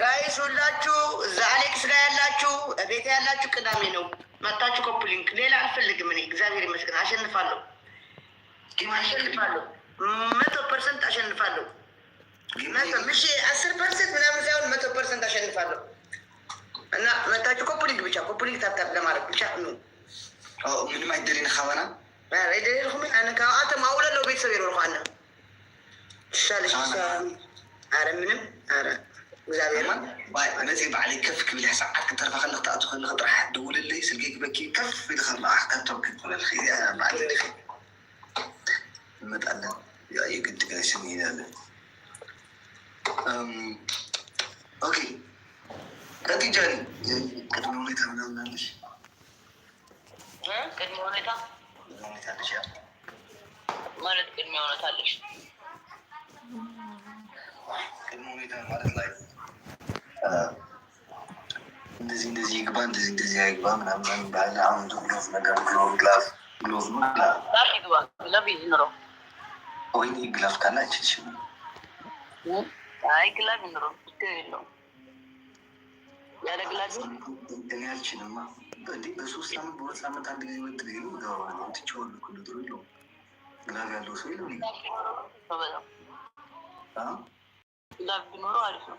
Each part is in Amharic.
ጋይስ ሁላችሁ እዛ አሌክስ ላይ ያላችሁ ቤት ያላችሁ ቅዳሜ ነው መታችሁ ኮፕሊንክ ሌላ አልፈልግም። እኔ እግዚአብሔር ይመስገን አሸንፋለሁ፣ አሸንፋለሁ፣ መቶ ፐርሰንት አሸንፋለሁ። ምሽ አስር ፐርሰንት ምናምን ሳይሆን መቶ ፐርሰንት አሸንፋለሁ። እና መታችሁ ኮፕሊንክ ብቻ ኮፕሊንክ ታብታብ ለማድረግ ብቻ ኑ ምንም አይደሌን ኸበና ይደልኹም ኣነካ ኣተም ኣብኡ ቤተሰብ ይረልኹ ኣነ ትሻለሽ ኣረ ምንም ኣረ እግዚኣብሔርማ ነዚ ባዕለይ ከፍ ክብል ሕሳብ ዓድክ ተርፋ ከለ ክትኣቱ ከለ ጥራሕ ደውልለይ ስልገይ ክበኪ ከፍ ኢልካ መዓክታቶም ክትብል ባዕለ ይመጣለ የግድ ገሽን ይላለ ኦኬ ከቲጃኒ ቅድሚ ሁኔታ ምናምን አለሽ ቅድሚ ሁኔታ ሁኔታ አለሽ ማለት ቅድሚ ሁኔታ አለሽ ቅድሚ ሁኔታ ማለት ላይ እንደዚህ እንደዚህ ይግባ እንደዚህ እንደዚህ አይግባ ምናምን ባለ አሁን ግሎቭ ነገር ግሎቭ ግላፍ ግሎቭ ወይ ግላፍ ካላችች አይ ግላፍ ይኑረው ጉዳይ የለውም። ያለ ግላፍ እኔ በሶስት ሳምንት በሁለት ሳምንት አንድ ጊዜ ወጥ ግላፍ ያለው ሰው የለም። ግላፍ ቢኖረው አሪፍ ነው።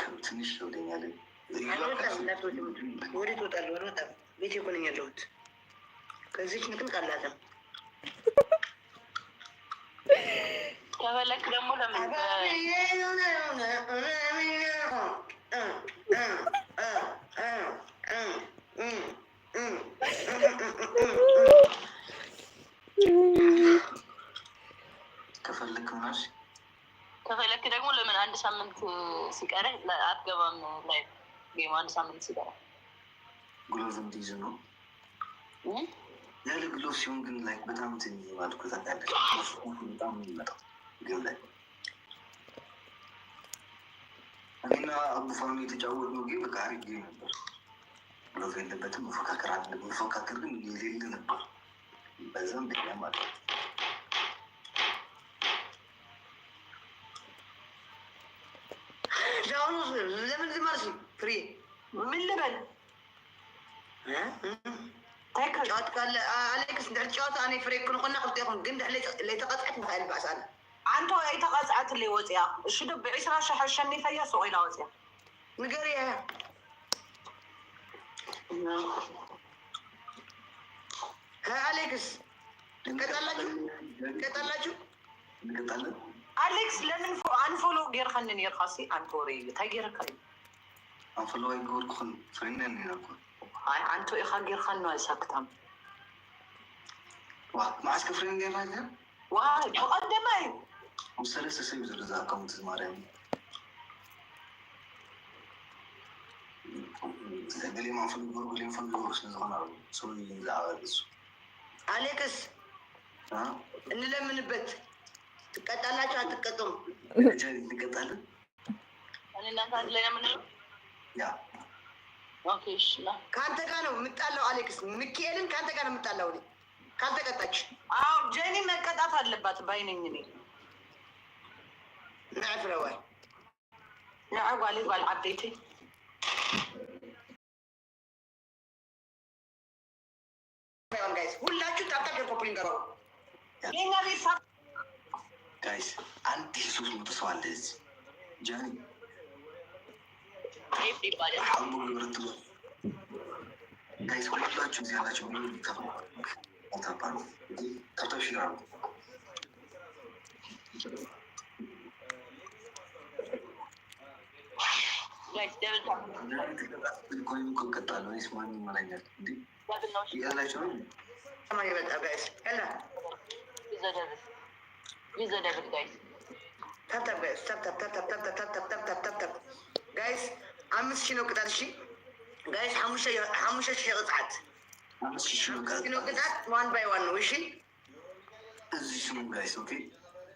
ከም ትንሽ ሰውደኛለ ወደ ትወጣለህ ወደ ቤት የኮነኝ ያለሁት ከዚች ምክን ቃላትም ከበለክ ደግሞ ለምን ሲቀረ አትገባም ላይ ወይም አንድ ሳምንት ሲቀረ ግሎቭ እንዲይዝ ነው። ያለ ግሎቭ ሲሆን ግን ላይ በጣም ትን ማልኩ ታውቃለህ፣ በጣም የሚመጣው ግን ላይ እኔና አቡፋኑ የተጫወት ነው ግን በቃ አሪፍ ነበር። ግሎቭ የለበትም መፎካከር አለ መፎካከር ግን የሌለ ነበር። በዛም ደኛ ማለት ነው ለምን ዝም አልሽ? ፍሬ ምን ልበል? ጨዋት ካለ ኣሌክስ እንድሕር ጨዋታ ኣነ ፍሬ ክንኮና ክልተ ይኹን ግን ድሕር ለይተቐፅዐት ንኽእል ባእስ ኣነ ኣንተ ኣይተ ቐፅዐት ለይ ወፅያ እሺ ዶ ብዒስራ ሽሕ ሸኒፈያ ሱቕ ኢላ ወፅያ ንገር እያ ኣሌክስ ቀጣላችሁ ቀጣላችሁ ንቀጣለን አሌክስ ለምን አንፎሎ ጌርኸንን ኔርካሲ አንኮሪ ታጌርካዩ አንፎሎ ይጎርኩን ፍሪነን ይነኩ አይ ኢኻ ጌርኸን ነው አይሳክታም ማዓስከ ፍሪን ጌራኛ ዋ ብቀደመ እዩ ሰብ ዝርዛ ከምቲ ማርያም አሌክስ እንለምንበት ትቀጣላችሁ? አትቀጡም? እንቀጣለን። ከአንተ ጋር ነው የምጣለው አሌክስ። ሚካኤልን ከአንተ ጋር ነው የምጣለው እኔ ካልተቀጣች። አዎ ጀኒ መቀጣት አለባት ባይነኝ እኔ ናፍረዋል ናዕጓሌ ጓል ዓበይቲ ሁላችሁ ታብታ ኮፕሊንገሮ የኛ ቤት ጋይስ አንድ ሶስት መቶ ሰው አለ እዚህ ጃኒ ጋይስ ሁላችሁ እዚህ ያላችሁ ታባሉ ከብቶች ይላሉ ይላቸው Please don't have guys. Tap tap guys. Tap tap tap tap tap tap tap tap tap tap tap. Guys, አምስት ሺህ ነው ቅጣት። እሺ ጋይስ፣ ሐሙሻ ሺህ ቅጣት። ነው ቅጣት። ዋን ባይ ዋን ነው። እሺ እዚህ ስሙ ጋይስ። ኦኬ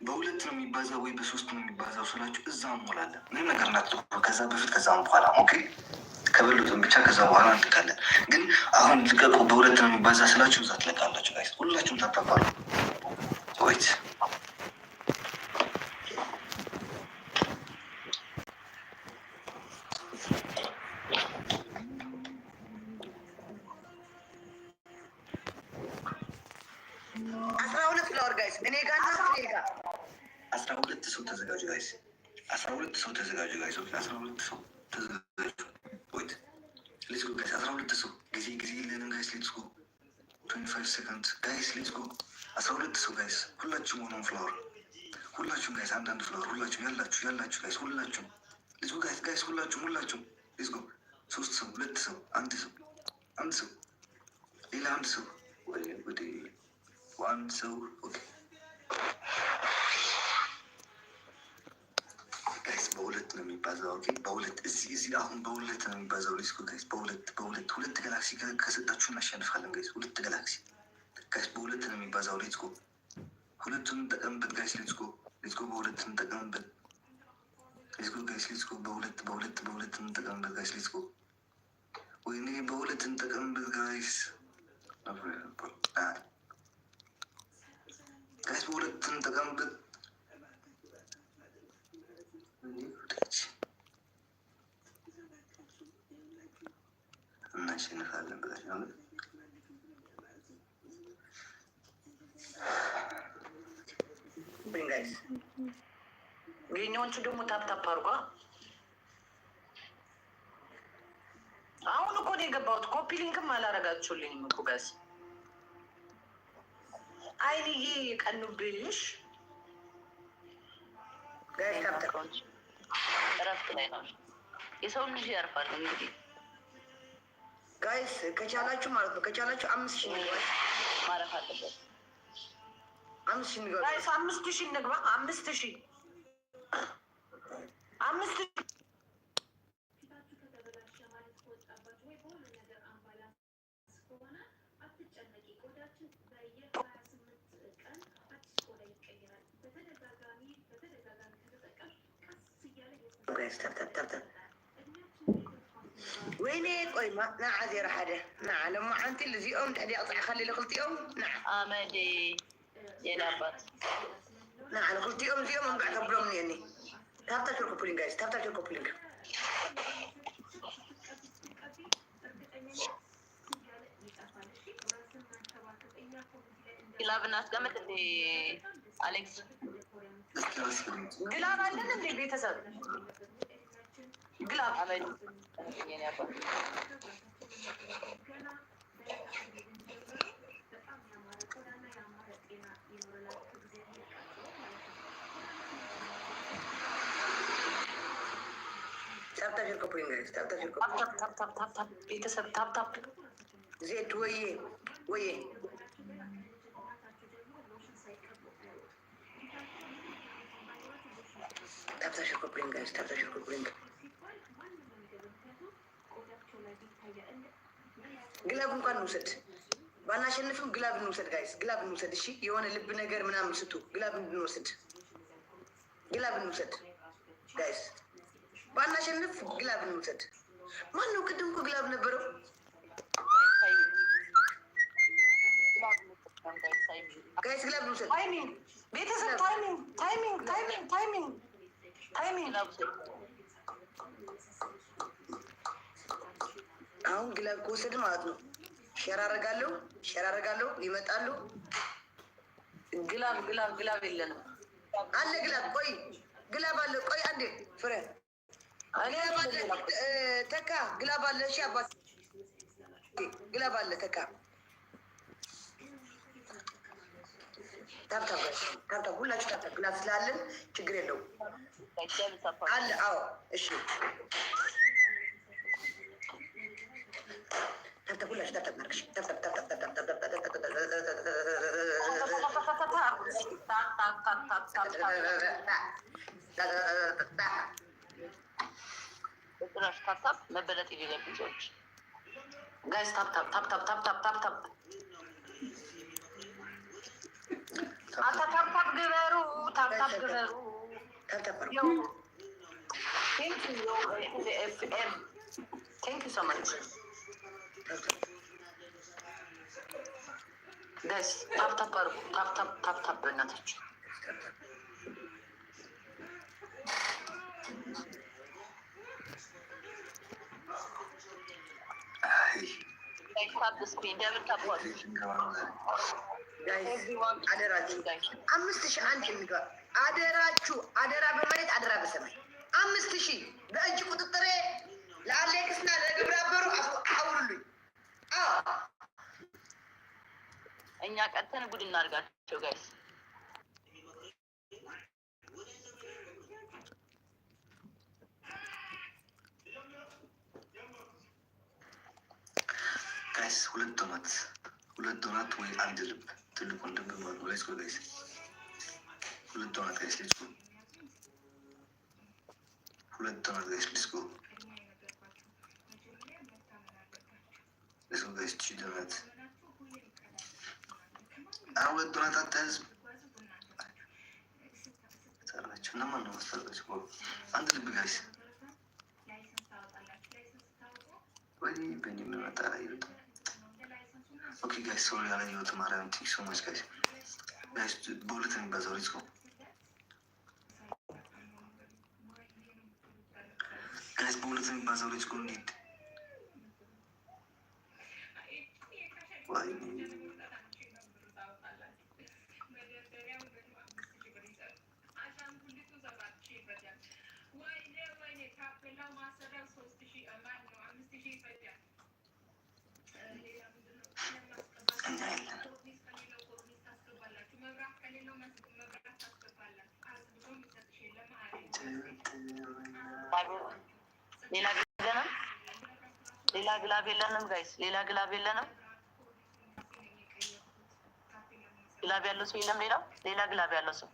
በሁለት ነው የሚባዛው ወይ በሶስት ነው የሚባዛው ስላችሁ እዛ እንሞላለን። ምንም ነገር እናትጠቁ ከዛ በፊት ከዛ በኋላ ኦኬ ከበሉትን ብቻ ከዛ በኋላ እንልቃለን። ግን አሁን ልቀቁ። በሁለት ነው የሚባዛ ስላችሁ እዛ ትለቃላችሁ ጋይስ። ሁላችሁም ታጠባሉ ወይት ሰዎች አስራ ሁለት ሰው ተዘጋጁ። ወይት ሌትስ ጎ ጋይስ አስራ ሁለት ሰው ጊዜ ጊዜ የለንም ጋይስ ሌትስ ጎ ትዌንቲ ፋይቭ ሴኮንድ ጋይስ ሌትስ ጎ አስራ ሁለት ሰው ጋይስ ሁላችሁም ሆነውን ፍላወር ሁላችሁም ጋይስ አንዳንድ ፍላወር ሁላችሁም ያላችሁ ያላችሁ ጋይስ ሁላችሁም ሌትስ ጎ ጋይስ ጋይስ ሁላችሁም ሁላችሁም ሌትስ ጎ ሶስት ሰው ሁለት ሰው አንድ ሰው አንድ ሰው ሌላ አንድ ሰው ወደ አንድ ሰው ኦኬ በሁለት ነው የሚባዛው። ኦኬ በሁለት እዚህ እዚህ አሁን በሁለት ነው የሚባዛው። ሊስኩ ጋይስ በሁለት በሁለት ሁለት ጋላክሲ ከሰጣችሁ እናሸንፋለን ጋይስ። ሁለት ጋላክሲ ጋይስ በሁለት ነው የሚባዛው። ሌትስኮ ሁለቱን እንጠቀምበት ጋይስ። ሌትስኮ ሌትስኮ በሁለት እንጠቀምበት። ሌትስኮ ጋይስ ሌትስኮ በሁለት በሁለት በሁለት እንጠቀምበት ጋይስ። ሌትስኮ ወይኔ በሁለት እንጠቀምበት ጋይስ እናሸንፋለን ብለን ነው። ደግሞ ታፕታፕ አድርጓ። አሁን እኮ ነው የገባሁት። ኮፒ ሊንክም አላረጋችሁልኝም እኮ አይንዬ የቀኑብሽ እረፍት ላይ ነው። የሰው ልጅ ያርፋል እንግዲህ ጋይስ ከቻላችሁ ማለት ነው። ከቻላችሁ አምስት ሺህ ንግባ ማረፍ አለበት። አምስት ሺህ ንግባ ጋይስ፣ አምስት ሺህ ንግባ። አምስት ሺህ አምስት ጋይስ ተብተብተብተብ وينيت أي ما نعم زير حدا نعم لما أنت اللي زيهم تأدي أطلع خلي لخلتيهم نعم آمدي يا نبات نعم لخلتيهم زيهم هم قاعد قبلهم يعني تابتا تركو بولين guys تابتا تركو بولين ግላብ እናስቀምጥ እንዴ አሌክስ ግላብ አለን እንዴ ቤተሰብ ቤተሰብ ታፕታፕ ዜድ ወዬ ወዬ ታፕታሽ ኮፕሪንግ ታፕታሽ ኮፕሪንግ ግላብ እንኳን እንውሰድ፣ ባናሸንፍም ግላብ እንውሰድ። ጋይስ ግላብ እንውሰድ። እሺ የሆነ ልብ ነገር ምናምን ስቱ ግላብ እንድንወስድ ግላብ እንውሰድ። ጋይስ ባናሸንፍ ግላብ እንውሰድ። ማን ነው ቅድም እኮ ግላብ ነበረው? ጋይስ ግላብ እንውሰድ። ቤተሰብ ታይሚንግ ታይሚንግ ታይሚንግ ታይሚንግ ታይሚንግ አሁን ግለብ ከወሰድ ማለት ነው ሼር አደርጋለሁ ሼር አደርጋለሁ ይመጣሉ። ግላብ ግላብ ግላብ የለንም አለ ግላብ ቆይ ግላብ አለ ቆይ አንዴ ፍሬ ተካ ግላብ አለ እሺ አባት ግላብ አለ ተካ ታብታ ታብታ ሁላችሁ ታብታ ግላብ ስላለን ችግር የለውም አለ አዎ እሺ تقول دبدب مركش دبدب دبدب دبدب دبدب دبدب ጭራሽ ታብታብ መበለጥ የሌለብን ሰዎች ጋይስ ታብታብ ታብታብ ታብታብ ታብታብ አንተ ታብታብ ግበሩ ታብታብ ግበሩ ቴንክ ዩ ኤፍኤም ቴንክ ዩ ሶ ማች ጋይስ ታፕታፕ አድርጉ። ታፕታፕ ታፕታፕ በእናታችሁ አምስት ሺህ አንድ የሚገባ አደራችሁ፣ አደራ በመሬት አደራ በሰማይ አምስት ሺህ በእጅ ቁጥጥሬ ለአሌክስና ለግብረ አበሩ አውሉልኝ። እኛ ቀጥተን ጉድ እናድርጋቸው ጋይስ። ጋይስ ሁለት ዶናት ሁለት ዶናት ወይ አንድ ልብ ትልቁ ወንድም ማለት ነው። ሌትስ ጎ ጋይስ፣ ሁለት ዶናት ጋይስ፣ ሌትስ ጎ ሁለት ዶናት ጋይስ፣ ሌትስ ጎ ብዙ ገች ድረት አወጥ ጥራጣ ህዝብ ሰራቸው እና ማን ማስታወቃቸው አንድ ልብ ጋይስ ወይ በእኔ የምንመጣ ይወጣ ኦኬ ጋይስ ሶሪ ያለ ማርያም ቲንክ ሶ ማች ጋይስ ጋይስ በሁለት የሚባዛው ሪስኮ ጋይስ በሁለት የሚባዛው ሪስኮ እንዴት ሌላ ግላብ የለንም ጋይስ፣ ሌላ ግላብ የለንም። ግላብ ያለው ሰው የለም። ሌላው ሌላ ግላብ ያለው ሰው